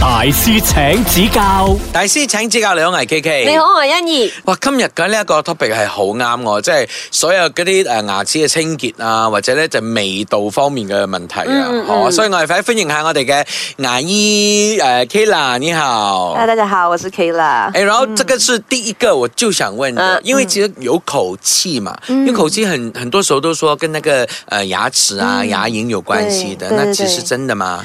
大師請指教，大師請指教。你好，我係 KK。你好，我係欣怡。哇，今日嘅呢一個 topic 係好啱我，即、就、係、是、所有嗰啲誒牙齒嘅清潔啊，或者咧就味道方面嘅問題啊。嗯嗯、哦，所以我哋快歡迎下我哋嘅牙醫誒 Kyla。呃、Kyla, 你好，誒、啊、大家好，我是 Kyla。誒、欸，然後這個是第一個，我就想問的，嗯、因為其實有口氣嘛，嗯、因為口氣很，很多時候都說跟那個誒牙齒啊、嗯、牙齦有關係的，嗯、對對對，那其實真的嗎？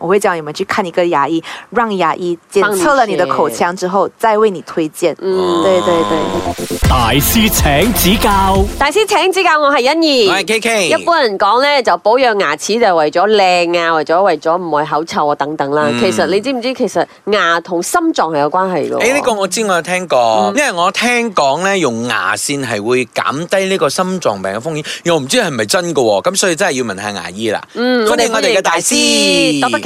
我會叫你們去看一個牙醫，讓牙醫檢測了你的口腔之後，再為你推薦。嗯，對對對，大師請指教，大師請指教，我係欣宜，我係 KK。一般人講咧就保養牙齒就係為咗靚啊，為咗為咗唔會口臭啊等等啦。嗯、其實你知唔知道其實牙同心臟係有關係噶？誒、欸，呢、這個我知，我有聽過，嗯、因為我聽講咧用牙線係會減低呢個心臟病嘅風險，又唔知係咪真噶？咁所以真係要問下牙醫啦。嗯，歡迎以我哋嘅大師。大師。